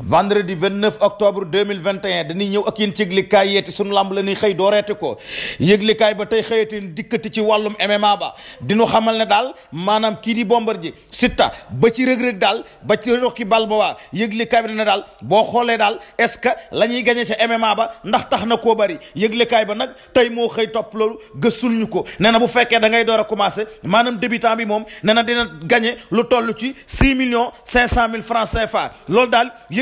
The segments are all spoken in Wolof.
vendredi 29 octobre 2021 dañuy ñëw ak yéen ci yëglikaay yeeti sunu lamb la ñuy xëy dooreete ko kaay ba tey xëyee xëyati dikkati ci wàllum MMA ba dinu xamal ne daal maanaam kii di Bombardier Siteu ba ci rëg-rëg daal ba ci Rocky Balboa yëglikaay bi na daal boo xoolee daal est-ce que la ñuy gañe ca MMA ba ndax tax na koo bari yëglikaay ba nag tey moo xëy topp loolu gëstul ñu ko nee na bu fekkee da ngay door a commencé maanaam débutant bi moom nee na dina gañe lu toll ci six millions cinq cent mille francs CFA loolu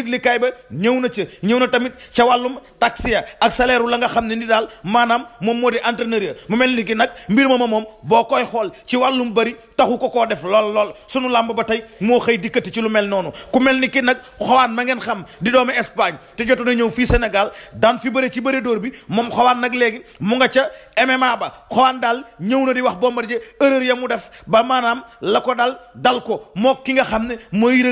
yëglikaay ba ñëw na ca ñëw na tamit ca wàllum taxi ya ak salaire la nga xam ne ni daal maanaam moom moo di entraîneur mu mel ni ki nag mbir mooma moom boo koy xool ci wàllum bëri taxu ko koo def lool lool sunu làmb ba tey moo xëy dikkati ci lu mel noonu ku mel ni ki nag xawaan ma ngeen xam di doomu Espagne te jotu na ñëw fii Sénégal daan fi bëri ci bëri door bi moom xawaan nag léegi mu nga ca MMA ba xawaan daal ñëw na di wax Bombardier erreur ya mu def ba maanaam la ko dal dal ko moo ki nga xam ne mooy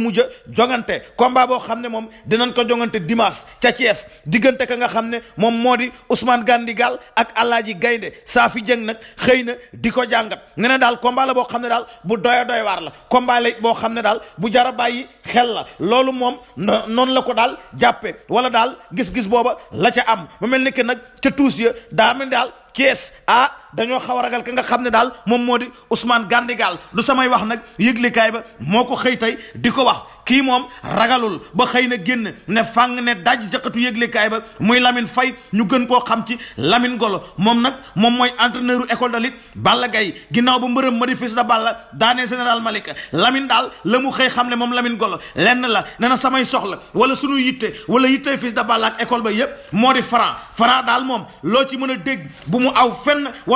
mujj jongante combat boo xam ne moom dinañ ko jongante dimanche ca Thiès diggante ka nga xam ne moom moo di Ousmane Gandigal ak Alaaji Gaynde Safi Dieng nag xëy na di ko jàngat ne na daal combat la boo xam ne daal bu doya doy waar la combat la boo xam ne daal bu jara bàyyi xel la loolu moom noonu la ko daal jàppe wala daal gis-gis booba la ca am mu mel ni que nag ca tuus ya daal Thiès ah dañoo xaw a ragal ka nga xam ne daal moom moo di Ousmane Gandigal du samay wax nag yëglikaay ba moo ko xëy tey di ko wax kii moom ragalul ba xëy na génn ne fàng ne daj jëkkatu yëglikaay ba muy Lamine Faye ñu gën koo xam ci lamin Golo moom nag moom mooy entraîneur école de lutte Balla Gaye ginnaaw ba mbërëm ma di fils de Balla daanee général Malick Lamine daal la mu xëy xam ne moom lamin Golo lenn la ne na samay soxla wala sunu yitte wala yitte fils de Balla école ba yépp moo di Franc Franc daal moom loo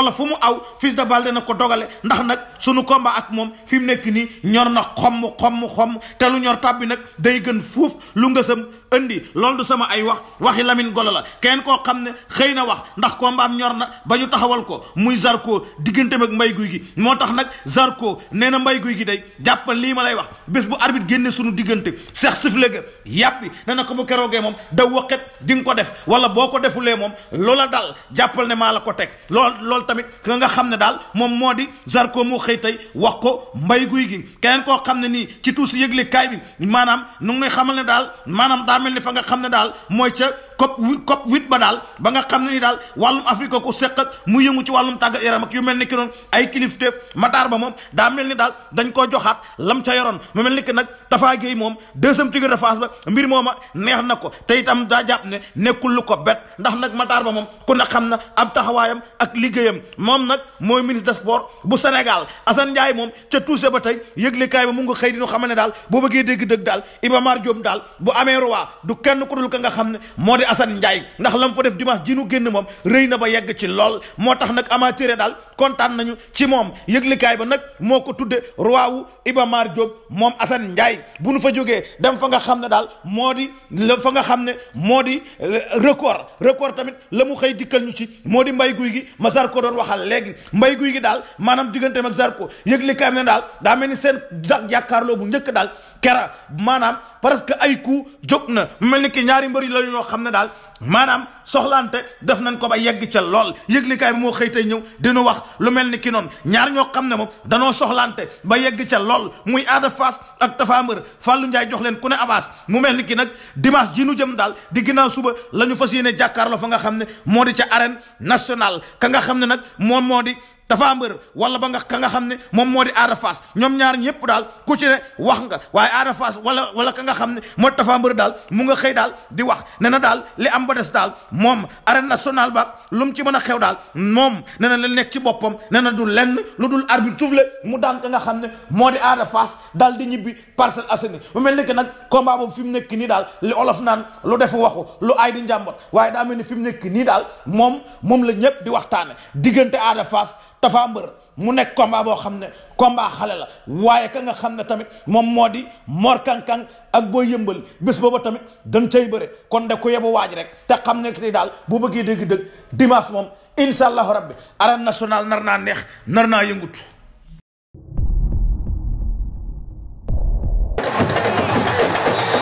wala fu mu aw Fils de Balla dina ko dogale ndax nag sunu combat ak moom fi mu nekk nii ñor na xom xomm xom te lu ñor tàbbi nag day gën fuuf lu nga sam indi loolu du sama ay wax waxi Lamine Golo la kenn koo xam ne xëy na wax ndax combat am ñor na ba ñu taxawal ko muy Zarko digganteem ak mbay guy gi moo tax nag Zarko nee na mbay guy gi day jàppal lii ma lay wax bés bu arbitre génne sunu diggante seex sifle ga yàppi ne na ko bu keroogee moom da waqet di nga ko def wala boo ko defulee moom loola dal jàppal ne tamit ka nga xam ne daal moom moo di Zarko moo xëy tey wax ko mbay guy gi keneen koo xam ne ni ci tuuti yëgle kaay bi maanaam nu ngi lay xamal ne daal maanaam daa mel ni fa nga xam ne daal mooy ca COP COP 8 ba daal ba nga xam ne ni daal wàllum Afrique ko seq mu yëngu ci wàllum tàggat yaram ak yu mel ni ki noonu ay kilifteef Matar Ba daa mel ni daal dañ koo joxaat lam ca yoroon mu mel ni ki nag Tafa Gueye moom deuxième tigre de face ba mbir mooma neex na ko te itam daa jàpp ne nekkul lu ko bet ndax nag Matar Ba moom ku ne xam na am taxawaayam ak liggéeyam moom nag mooy ministre des sports bu Sénégal Assane Ndiaye moom ca tuuse ba tey yëglekaay ba mu ngi xëy di ñu xam ne daal boo bëggee dégg dëgg daal Iba Mar Diop daal bu amee roi du kenn ku dul ka nga xam ne moo di Assane Ndiaye ndax la mu fa def dimanche ji nu génn moom rëy na ba yegg ci lool moo tax nag amateur daal kontaan nañu ci moom yëglekaay ba nag moo ko tudde roi wu Mar Diop moom Assane Ndiaye bu nu fa jógee dem fa nga xam ne daal moo di la fa nga xam ne moo di euh, record record tamit la mu xëy dikkal ñu ci moo di mbay guy gi Masar Kodor doon waxal léegi mbay guy gi daal maanaam digganteem ak Zarko yëgle kaay ne daal daa mel ni seen jàkkaarloo bu njëkk daal kera maanaam parce que ay coup jóg na mel ni ki ñaari mbër yi la xam ne daal maanaam soxlante def nañ ko ba yegg ca lool yëglikaay bi moo xëy ñëw dinu wax lu mel ni ki noonu ñaar ñoo xam ne moom danoo soxlante ba yegg ca lool muy Ada fas ak dafa Mbeur Fallou Ndiaye jox leen ku ne avance mu mel ni ki nag dimanche ji nu jëm daal di ginnaaw suba la ñu fas yéene jàkkaarloo fa nga xam ne moo di ca arène nationale ka nga xam ne nag moom moo di dafa mbër wala ba nga ka nga xam ne moom moo di Ada Fass ñoom ñaar ñëpp daal ku ci ne wax nga waaye Ada Fass wala wala ka nga xam ne moo dafa mbër daal mu nga xëy daal di wax ne na daal li am ba des daal moom arène nationale ba lu mu ci mën a xew daal moom na la nekk ci boppam ne na du lenn lu dul arbitre tuufle mu daan ka nga xam ne moo di Ada Fass daal di ñibbi Parcelles Assainies mu mel ni que nag combat boobu fi mu nekk nii daal li olof naan lu def waxu lu ay di njàmbat waaye daa mel ni fi mu nekk nii daal moom moom la ñëpp di waxtaane diggante Ada Fass Tapha Mbeur mu nekk combat boo xam ne combat xale la waaye ka nga xam ne tamit moom moo di Mor Kankang ak Boy Yëmbal bés boobu tamit dañ cay bëre kon de ku yebu waaj rek te xam ne ki daal bu bëggee dëgg-dëgg dimanche moom incha allahu rabbi arène national nar naa neex nar naa yëngutu